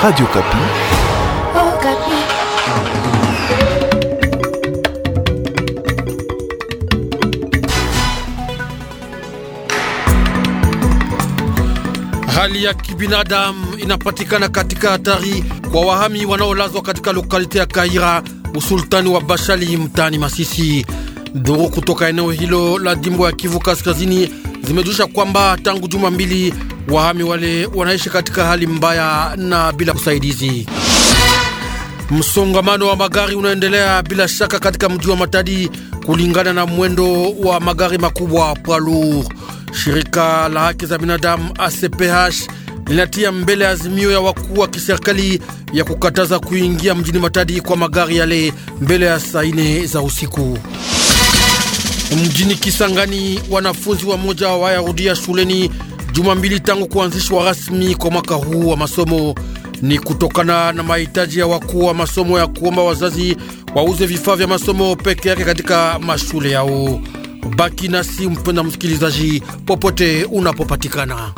Radio Kapi. Oh, Kapi. Hali ya kibinadamu inapatikana katika hatari kwa wahami wanaolazwa katika lokalite ya Kaira, usultani wa Bashali, mtaani Masisi. Duru kutoka eneo hilo la jimbo ya Kivu Kaskazini zimejulisha kwamba tangu juma mbili Wahami wale wanaishi katika hali mbaya na bila usaidizi. Msongamano wa magari unaendelea bila shaka katika mji wa Matadi kulingana na mwendo wa magari makubwa Pwalu. Shirika la haki za binadamu ACPH linatia mbele azimio ya wakuu wa kiserikali ya kukataza kuingia mjini Matadi kwa magari yale mbele ya saa ine za usiku. Mjini Kisangani, wanafunzi wa moja wayarudia shuleni juma mbili tangu kuanzishwa rasmi kwa mwaka huu wa masomo. Ni kutokana na mahitaji ya wakuu wa masomo ya kuomba wazazi wauze vifaa vya masomo peke yake katika mashule yao. Baki nasi mpenda msikilizaji, popote unapopatikana,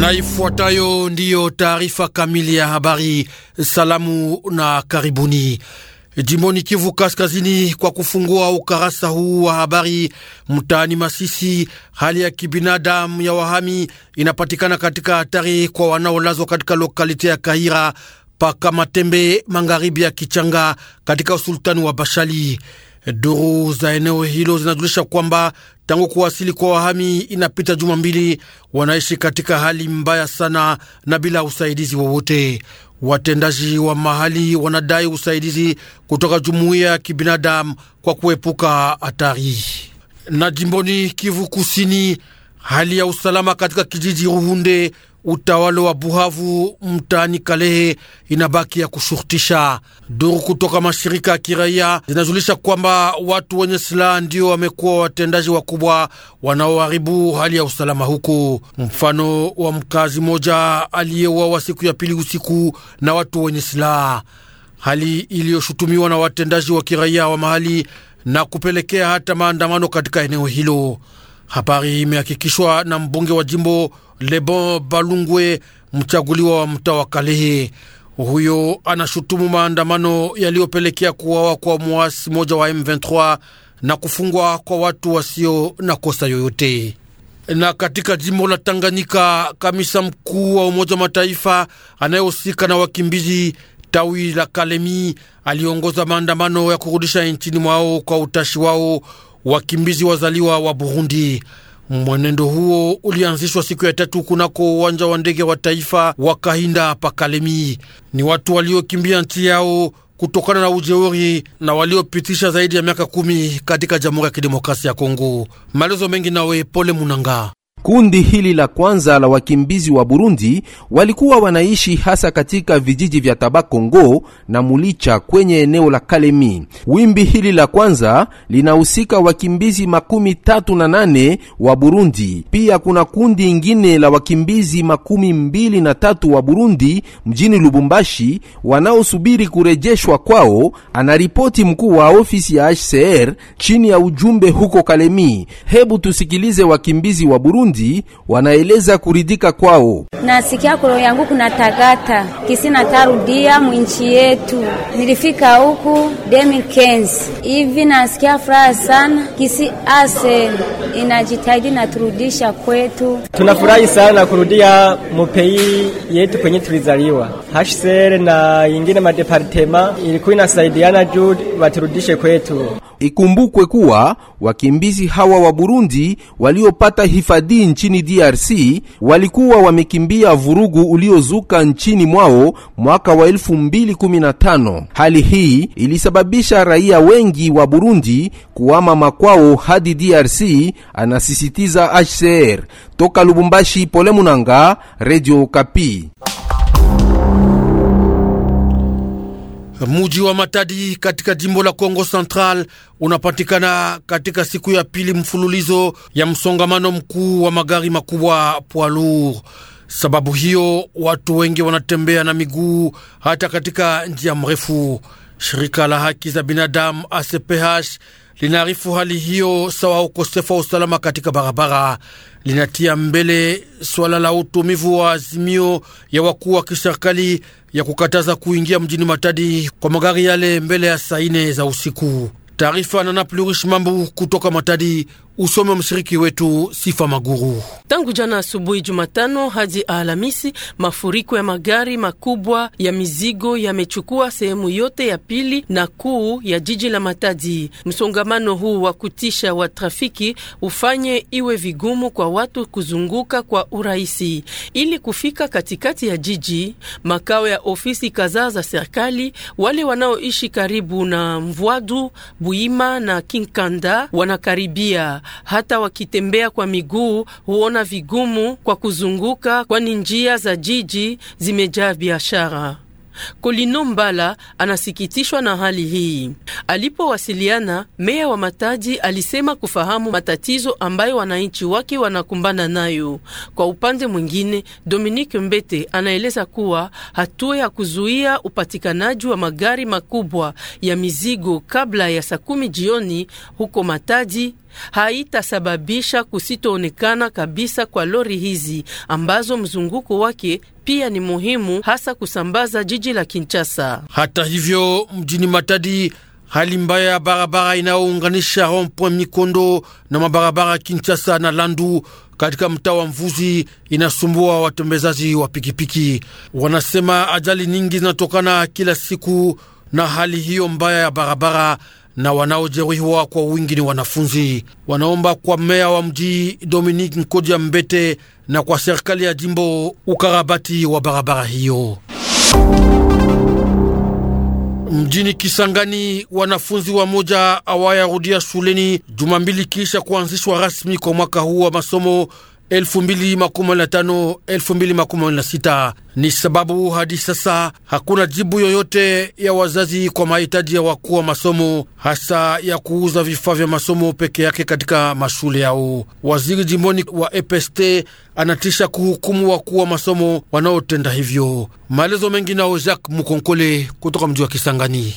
na ifuatayo ndiyo taarifa kamili ya habari. Salamu na karibuni. Jimboni Kivu Kaskazini, kwa kufungua ukarasa huu wa habari mtaani Masisi, hali ya kibinadamu ya wahami inapatikana katika hatari kwa wanaolazwa katika lokalite ya Kahira paka Matembe, magharibi ya Kichanga, katika usultani wa Bashali. Duru za eneo hilo zinajulisha kwamba tangu kuwasili kwa wahami inapita juma mbili, wanaishi katika hali mbaya sana na bila usaidizi wowote. Watendaji wa mahali wanadai usaidizi kutoka jumuiya ya kibinadamu kwa kuepuka hatari. Na jimboni Kivu Kusini, hali ya usalama katika kijiji Ruhunde utawala wa Buhavu mtaani Kalehe inabaki ya kushurutisha. Duru kutoka mashirika ya kiraia zinajulisha kwamba watu wenye silaha ndio wamekuwa watendaji wakubwa wanaoharibu hali ya usalama huko, mfano wa mkazi moja aliyewawa siku ya pili usiku na watu wenye silaha, hali iliyoshutumiwa na watendaji wa kiraia wa mahali na kupelekea hata maandamano katika eneo hilo. Habari imehakikishwa na mbunge wa jimbo Lebon Balungwe, mchaguliwa wa mtaa wa Kalehe. Huyo anashutumu maandamano yaliyopelekea kuwawa kwa mwasi moja wa M23 na kufungwa kwa watu wasio na kosa yoyote. Na katika jimbo la Tanganyika, kamisa mkuu wa Umoja wa Mataifa anayehusika na wakimbizi tawi la Kalemi aliongoza maandamano ya kurudisha nchini mwao kwa utashi wao wakimbizi wazaliwa wa Burundi. Mwenendo huo ulianzishwa siku ya tatu kunako uwanja wa ndege wa taifa wa Kahinda Pakalemi. Ni watu waliokimbia nchi yao kutokana na ujeuri na waliopitisha zaidi ya miaka kumi katika Jamhuri ya Kidemokrasia ya Kongo. Maelezo mengi nawe Pole Munanga. Kundi hili la kwanza la wakimbizi wa Burundi walikuwa wanaishi hasa katika vijiji vya Tabakongo na Mulicha kwenye eneo la Kalemi. Wimbi hili la kwanza linahusika wakimbizi makumi tatu na nane wa Burundi. Pia kuna kundi ingine la wakimbizi makumi mbili na tatu wa Burundi mjini Lubumbashi wanaosubiri kurejeshwa kwao, anaripoti mkuu wa ofisi ya HCR chini ya ujumbe huko Kalemi. Hebu tusikilize wakimbizi wa Burundi Burundi wanaeleza kuridhika kwao. Nasikia koro yangu kuna tagata kisi natarudia mwinchi yetu, nilifika huku kens hivi, nasikia furaha sana kisi ase inajitahidi naturudisha kwetu. Tunafurahi sana kurudia mupei yetu kwenye tulizaliwa. hsl na ingine madepartema ilikuwa inasaidiana juu waturudishe kwetu. Ikumbukwe kuwa wakimbizi hawa wa Burundi waliopata hifadhi nchini DRC walikuwa wamekimbia vurugu uliozuka nchini mwao mwaka wa 2015. Hali hii ilisababisha raia wengi wa Burundi kuama makwao hadi DRC, anasisitiza HCR. Toka Lubumbashi, Pole Munanga, Radio Kapi. Muji wa Matadi katika jimbo la Kongo Central unapatikana katika siku ya pili mfululizo ya msongamano mkuu wa magari makubwa poilour. Sababu hiyo watu wengi wanatembea na miguu hata katika njia mrefu. Shirika la haki za binadamu ACPH linaarifu hali hiyo sawa ukosefu wa usalama katika barabara. Linatia mbele swala la utumivu wa azimio ya wakuu wa kiserikali ya kukataza kuingia mjini Matadi kwa magari yale mbele ya saa ine za usiku. Taarifa na Naplurish Mambu kutoka Matadi, Usome wa mshiriki wetu Sifa Maguru. Tangu jana asubuhi Jumatano hadi Alhamisi, mafuriko ya magari makubwa ya mizigo yamechukua sehemu yote ya pili na kuu ya jiji la Matadi. Msongamano huu wa kutisha wa trafiki ufanye iwe vigumu kwa watu kuzunguka kwa urahisi. Ili kufika katikati ya jiji, makao ya ofisi kadhaa za serikali, wale wanaoishi karibu na Mvwadu, Buima na Kinkanda wanakaribia hata wakitembea kwa miguu huona vigumu kwa kuzunguka, kwani njia za jiji zimejaa biashara. Kolino Mbala anasikitishwa na hali hii. Alipowasiliana, meya wa mataji alisema kufahamu matatizo ambayo wananchi wake wanakumbana nayo. Kwa upande mwingine, Dominique Mbete anaeleza kuwa hatua ya kuzuia upatikanaji wa magari makubwa ya mizigo kabla ya saa kumi jioni huko mataji haitasababisha kusitoonekana kabisa kwa lori hizi ambazo mzunguko wake pia ni muhimu hasa kusambaza jiji la Kinshasa. Hata hivyo, mjini Matadi hali mbaya ya barabara inayounganisha rond-point Mikondo na mabarabara Kinshasa na Landu katika mtaa wa Mvuzi inasumbua watembezaji wa pikipiki. Wanasema ajali nyingi zinatokana kila siku na hali hiyo mbaya ya barabara na wanaojeruhiwa kwa wingi ni wanafunzi. Wanaomba kwa meya wa mji Dominique Nkodia Mbete na kwa serikali ya jimbo ukarabati wa barabara hiyo. Mjini Kisangani, wanafunzi wa moja awayarudia shuleni juma mbili kisha kuanzishwa rasmi kwa mwaka huu wa masomo 2025 2026. Ni sababu hadi sasa hakuna jibu yoyote ya wazazi kwa mahitaji ya wakuu wa masomo, hasa ya kuuza vifaa vya masomo peke yake katika mashule yao. Waziri jimboni wa EPST anatisha kuhukumu wakuu wa masomo wanaotenda hivyo. Maelezo mengi nao Jacques Mukonkole kutoka mji wa Kisangani.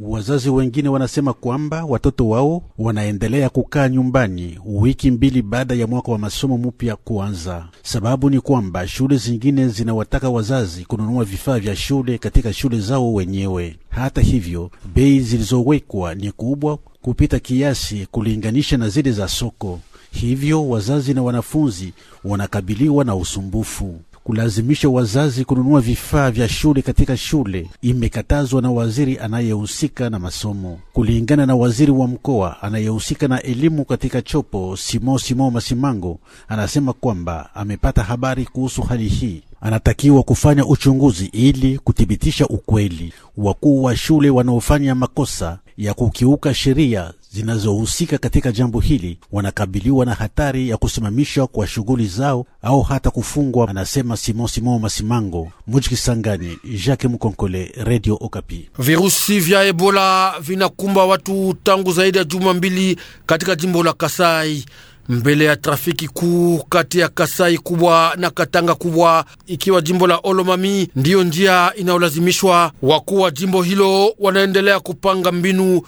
Wazazi wengine wanasema kwamba watoto wao wanaendelea kukaa nyumbani wiki mbili baada ya mwaka wa masomo mpya kuanza. Sababu ni kwamba shule zingine zinawataka wazazi kununua vifaa vya shule katika shule zao wenyewe. Hata hivyo, bei zilizowekwa ni kubwa kupita kiasi kulinganisha na zile za soko, hivyo wazazi na wanafunzi wanakabiliwa na usumbufu kulazimisha wazazi kununua vifaa vya shule katika shule imekatazwa na waziri anayehusika na masomo. Kulingana na waziri wa mkoa anayehusika na elimu katika Chopo, Simo Simo Masimango, anasema kwamba amepata habari kuhusu hali hii anatakiwa kufanya uchunguzi ili kuthibitisha ukweli. Wakuu wa shule wanaofanya makosa ya kukiuka sheria zinazohusika katika jambo hili wanakabiliwa na hatari ya kusimamishwa kwa shughuli zao au hata kufungwa, anasema Simon Simon Masimango Mujikisangani. Jacques Mkonkole, Radio Okapi. Virusi vya Ebola vinakumba watu tangu zaidi ya juma mbili katika jimbo la Kasai mbele ya trafiki kuu kati ya Kasai kubwa na Katanga kubwa, ikiwa jimbo la Olomami ndiyo njia inayolazimishwa. Wakuu wa jimbo hilo wanaendelea kupanga mbinu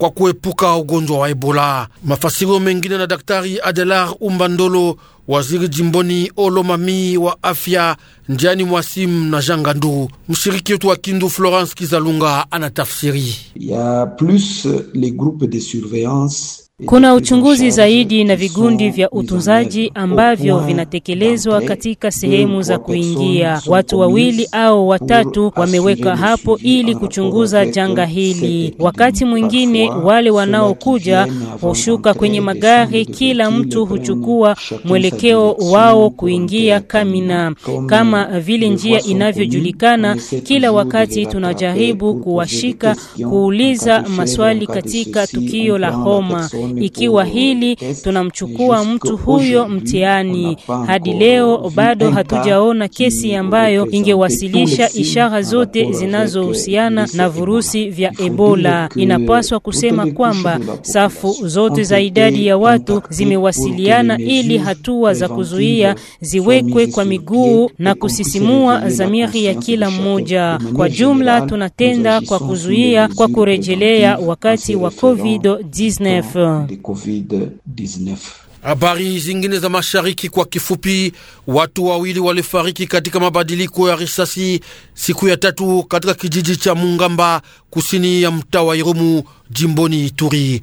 kwa kuepuka ugonjwa wa Ebola. Mafasirio mengine na Daktari Adelar Umbandolo, waziri jimboni Olomami wa afya njiani Mwasim na Jangandu. Mshiriki wetu wa Kindu Florence Kizalunga anatafsiri ya plus les groupes de surveillance kuna uchunguzi zaidi na vigundi vya utunzaji ambavyo vinatekelezwa katika sehemu za kuingia. Watu wawili au watatu wameweka hapo ili kuchunguza janga hili. Wakati mwingine wale wanaokuja hushuka kwenye magari, kila mtu huchukua mwelekeo wao kuingia Kamina. Kama vile njia inavyojulikana, kila wakati tunajaribu kuwashika, kuuliza maswali katika tukio la Homa ikiwa hili tunamchukua mtu huyo mtihani. Hadi leo bado hatujaona kesi ambayo ingewasilisha ishara zote zinazohusiana na virusi vya Ebola. Inapaswa kusema kwamba safu zote za idadi ya watu zimewasiliana ili hatua za kuzuia ziwekwe kwa miguu na kusisimua zamiri ya kila mmoja. Kwa jumla, tunatenda kwa kuzuia kwa kurejelea wakati wa COVID-19 de COVID-19. Habari zingine za mashariki kwa kifupi. Watu wawili walifariki katika mabadiliko ya risasi siku ya tatu katika kijiji cha Mungamba kusini ya mtaa wa Irumu jimboni Ituri.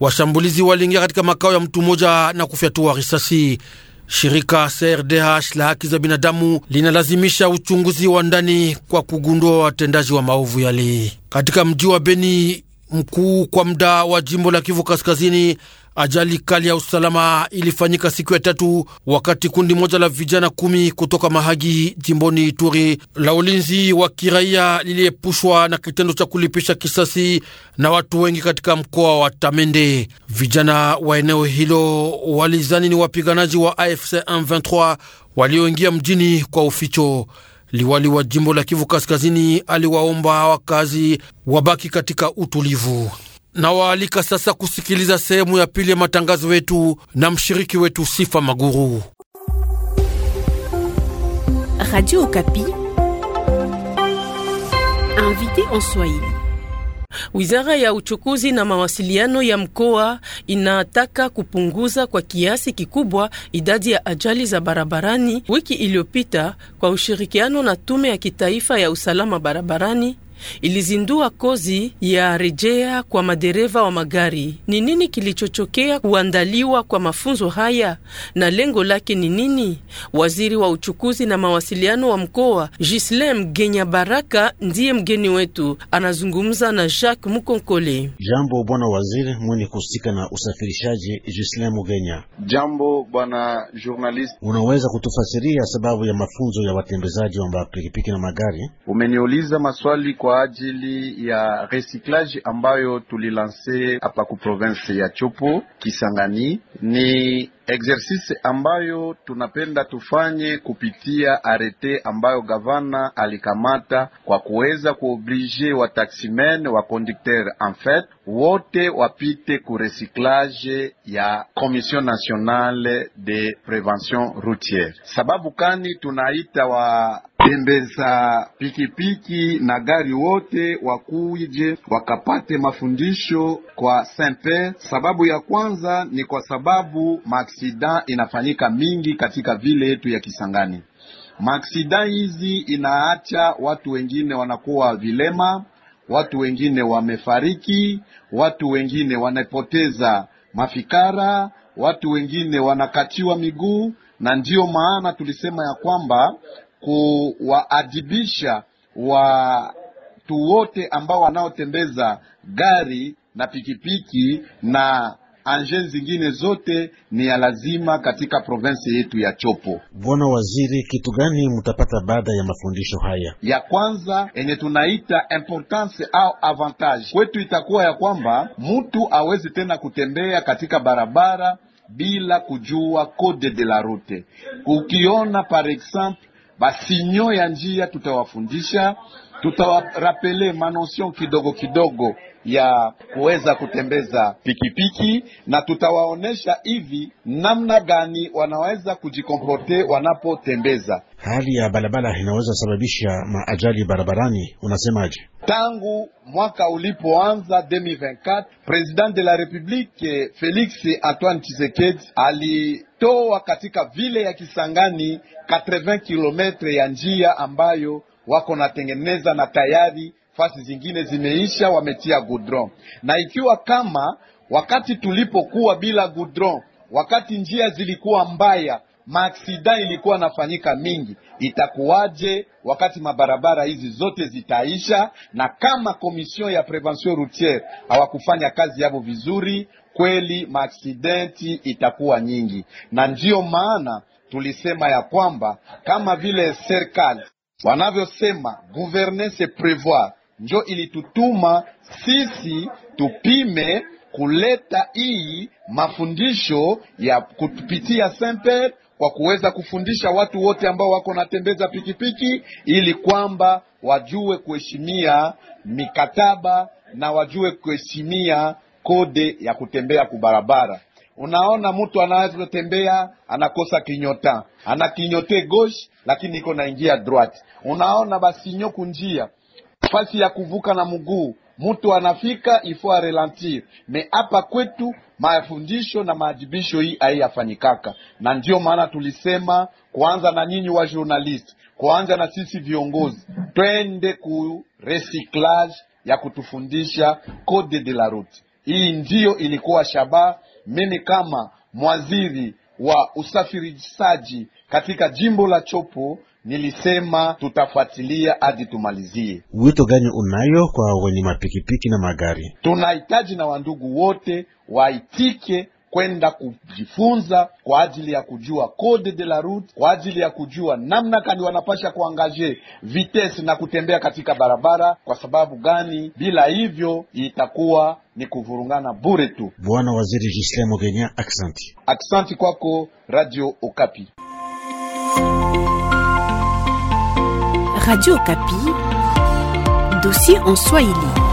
Washambulizi waliingia katika makao ya mtu mmoja na kufyatua risasi. Shirika CRDH la haki za binadamu linalazimisha uchunguzi wa ndani kwa kugundua watendaji wa maovu yale katika mji wa Beni mkuu kwa muda wa jimbo la Kivu Kaskazini. Ajali kali ya usalama ilifanyika siku ya tatu wakati kundi moja la vijana kumi kutoka Mahagi jimboni Ituri la ulinzi wa kiraia liliepushwa na kitendo cha kulipisha kisasi na watu wengi katika mkoa wa Tamende. Vijana wa eneo hilo walizani ni wapiganaji wa AFC M23 walioingia mjini kwa uficho. Liwali wa jimbo la Kivu Kaskazini aliwaomba wakazi wabaki katika utulivu. Nawaalika sasa kusikiliza sehemu ya pili ya matangazo wetu na mshiriki wetu Sifa Maguru. Radio Okapi, invité en Swahili. Wizara ya uchukuzi na mawasiliano ya mkoa inataka kupunguza kwa kiasi kikubwa idadi ya ajali za barabarani wiki iliyopita kwa ushirikiano na tume ya kitaifa ya usalama barabarani ilizindua kozi ya rejea kwa madereva wa magari. Ni nini kilichochokea kuandaliwa kwa mafunzo haya na lengo lake ni nini? Waziri wa uchukuzi na mawasiliano wa mkoa Gislem Genya Baraka ndiye mgeni wetu, anazungumza na Jacques Mukonkole. Jambo bwana waziri mwenye kuhusika na usafirishaji Gislem Genya. Jambo bwana journalist, unaweza kutufasiria sababu ya mafunzo ya watembezaji wa pikipiki na magari? Umeniuliza maswali kwa ajili ya recyclage ambayo tulilanse hapa ku province ya Chopo Kisangani ni exercise ambayo tunapenda tufanye kupitia arete ambayo gavana alikamata kwa kuweza kuoblige taximen wa kondukteur en fait wote wapite ku recyclage ya Commission Nationale de Prevention Routiere. Sababu kani tunaita wa tembeza pikipiki na gari wote wakuje wakapate mafundisho kwa Saint Pierre. Sababu ya kwanza ni kwa sababu max maksida inafanyika mingi katika vile yetu ya Kisangani. Maksida hizi inaacha watu wengine wanakuwa vilema, watu wengine wamefariki, watu wengine wanapoteza mafikara, watu wengine wanakatiwa miguu, na ndiyo maana tulisema ya kwamba kuwaadibisha watu wote ambao wanaotembeza gari na pikipiki na anje zingine zote ni ya lazima katika provinsi yetu ya Chopo. Bwana waziri, kitu gani mtapata baada ya mafundisho haya? Ya kwanza enye tunaita importance au avantage kwetu itakuwa ya kwamba mtu awezi tena kutembea katika barabara bila kujua code de la route. Ukiona par exemple basinyo ya njia tutawafundisha tutawarapele manosion kidogo kidogo ya kuweza kutembeza pikipiki piki, na tutawaonyesha hivi namna gani wanaweza kujikomporte wanapotembeza. Hali ya barabara inaweza sababisha maajali barabarani, unasemaje? Tangu mwaka ulipoanza 2024 President de la Republique Felix Antoine Tshisekedi alitoa katika vile ya Kisangani 80 kilometre ya njia ambayo wako natengeneza na tayari fasi zingine zimeisha, wametia gudron. Na ikiwa kama wakati tulipokuwa bila gudron, wakati njia zilikuwa mbaya, maaksida ilikuwa nafanyika mingi, itakuwaje wakati mabarabara hizi zote zitaisha? Na kama komision ya prevention routiere hawakufanya kazi yavo vizuri, kweli maaksidenti itakuwa nyingi, na ndiyo maana tulisema ya kwamba kama vile serikali wanavyosema gouverner se prevoir, njo ilitutuma sisi tupime kuleta hii mafundisho ya kupitia Saint Pierre kwa kuweza kufundisha watu wote ambao wako natembeza pikipiki, ili kwamba wajue kuheshimia mikataba na wajue kuheshimia kode ya kutembea kubarabara. Unaona, mtu anazotembea anakosa kinyota, ana kinyote gauche, lakini iko na njia droite. Unaona basinyo kunjia fasi ya kuvuka na mguu, mtu anafika ifo arelentir Me hapa kwetu mafundisho na maajibisho hii aiyafanyikaka na ndio maana tulisema kuanza na nyinyi wa journalist, kuanza na sisi viongozi, twende ku recyclage ya kutufundisha code de la route. Hii ndiyo ilikuwa shabaha mimi kama mwaziri wa usafirishaji katika jimbo la Chopo nilisema tutafuatilia hadi tumalizie. Wito gani unayo kwa wenye mapikipiki na magari? Tunahitaji na wandugu wote waitike kwenda kujifunza kwa ajili ya kujua code de la route, kwa ajili ya kujua namna kani wanapasha kuangaje vitesi na kutembea katika barabara. Kwa sababu gani? Bila hivyo itakuwa ni kuvurungana bure tu. Bwana Waziri Gislem Ogenya, aksanti. Aksanti kwako Radio Okapi. Radio Okapi, dossier en Swahili.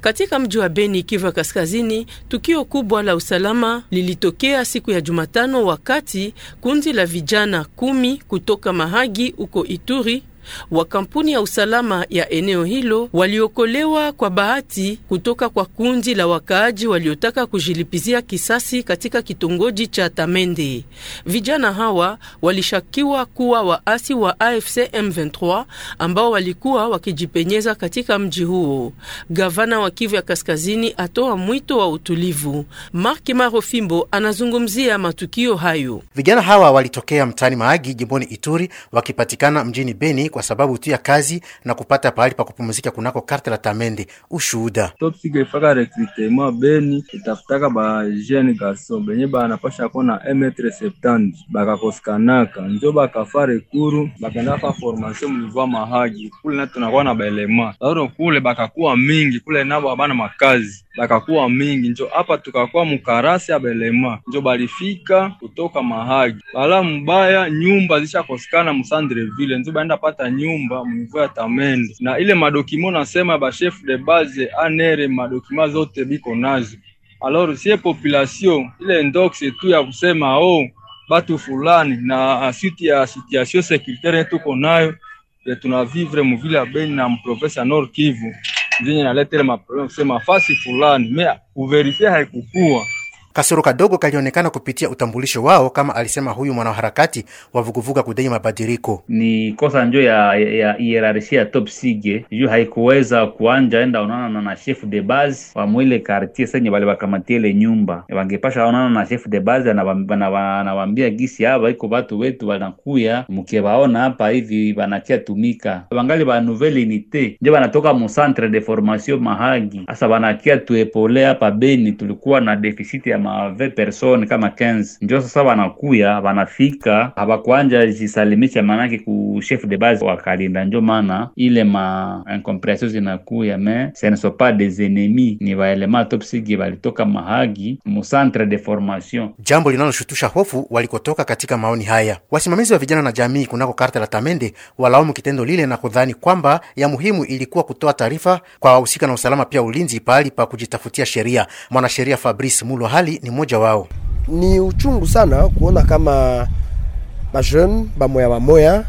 Katika mji wa Beni, Kivu Kaskazini, tukio kubwa la usalama lilitokea siku ya Jumatano wakati kundi la vijana kumi kutoka Mahagi huko Ituri wa kampuni ya usalama ya eneo hilo waliokolewa kwa bahati kutoka kwa kundi la wakaaji waliotaka kujilipizia kisasi katika kitongoji cha Tamende. Vijana hawa walishakiwa kuwa waasi wa AFC M23 ambao walikuwa wakijipenyeza katika mji huo. Gavana wa Kivu ya Kaskazini atoa mwito wa utulivu. Mark Marofimbo anazungumzia matukio hayo. Vijana hawa walitokea mtaani Maagi, jimboni Ituri, wakipatikana mjini Beni kwa sababu tu ya kazi na kupata pahali pa kupumzika kunako karte la Tamende. Ushuhuda topsika ifaka rekrutema beni itafutaka ba jeune garson benye banapasha ko na emetre septandi bakakosikanaka njo bakafa rekuru bakaendaka formation mnivwa mahagi kule na tunakuwa na baelema ao kule bakakuwa mingi kule nabo abana makazi bakakuwa mingi njo hapa tukakuwa mukarasi ya belema njo balifika kutoka mahagi bala mubaya nyumba zishakosekana musandreville njo baenda pata nyumba mvua ya tamende na ile madokima nasema ba chef de base anere madokima zote biko nazo. Alors sie population ile ndox tu ya kusema o oh, batu fulani na suti ya situation securitaire tuko nayo ya eh, vivre muvile ya Beni na mprovensa Nord Kivu zenye naleta ile maproblem kusema fasi fulani me kuverifia haikukua Kasoro kadogo kalionekana kupitia utambulisho wao, kama alisema huyu mwanaharakati wa vuguvuga kudai mabadiliko. Ni kosa njo ya ya hierarchie ya top sige juu haikuweza kuanja enda onana na chef de base wa mwile quartier senye bale bakamatiele nyumba, wangepasha onana na chef de base, anawambia gisi hapa iko batu wetu wanakuya mkiwaona hapa hivi wanakia tumika bangali ba nouvelle unité nje wanatoka mu centre de formation Mahagi, asa wanakia tuepole hapa Beni, tulikuwa na deficit ya ma mave person kama 15 njo sasa wanakuya wanafika, hawakuanja jisalimisha maanake ku chef de base wa Kalinda. Njo maana ile ma incomprehension zinakuya me ce ne sont pas des ennemis, ni waelema topsigi walitoka Mahagi mu centre de formation, jambo linaloshutusha hofu walikotoka. Katika maoni haya, wasimamizi wa vijana na jamii kunako karta la Tamende walaumu kitendo lile na kudhani kwamba ya muhimu ilikuwa kutoa taarifa kwa wahusika na usalama, pia ulinzi pahali pa kujitafutia sheria. Mwanasheria Fabrice hali Kanali ni mmoja wao. Ni uchungu sana kuona kama bajeune bamoya bamoya,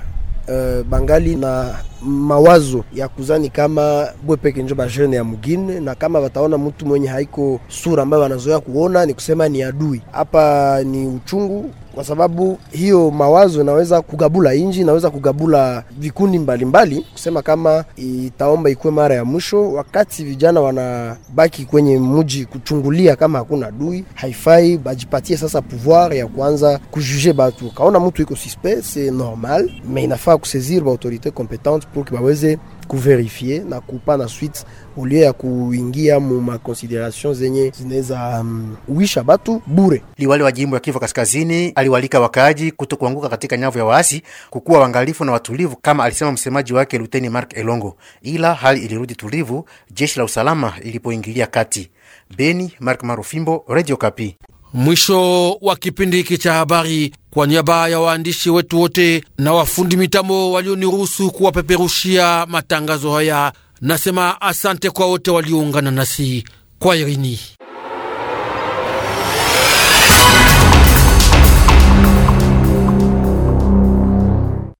uh, eh, bangali na mawazo ya kuzani kama bwepeke njo bajene ya mugine, na kama wataona mtu mwenye haiko sura ambayo wanazoea kuona, ni kusema ni adui. Hapa ni uchungu kwa sababu hiyo mawazo inaweza kugabula inji, inaweza kugabula vikundi mbalimbali mbali. Kusema kama itaomba ikuwe mara ya mwisho, wakati vijana wanabaki kwenye mji kuchungulia kama hakuna dui, haifai bajipatie sasa pouvoir ya kuanza kujuge batu. Kaona mtu iko suspect, c'est normal mais inafaa kusezir ba autorité compétente pour baweze kuverifie na kupa na suite ulie ya kuingia mu makonsideration zenye zinaweza um, uisha batu bure. Liwali wa jimbo ya Kivu Kaskazini aliwalika wakaaji kuto kuanguka katika nyavu ya waasi, kukuwa wangalifu na watulivu, kama alisema msemaji wake Luteni Mark Elongo. Ila hali ilirudi tulivu jeshi la usalama ilipoingilia kati. Beni, Mark Marufimbo, Radio Kapi. Mwisho wa kipindi hiki cha habari, kwa niaba ya waandishi wetu wote na wafundi mitambo walioniruhusu kuwapeperushia matangazo haya, nasema asante kwa wote walioungana nasi kwa irini.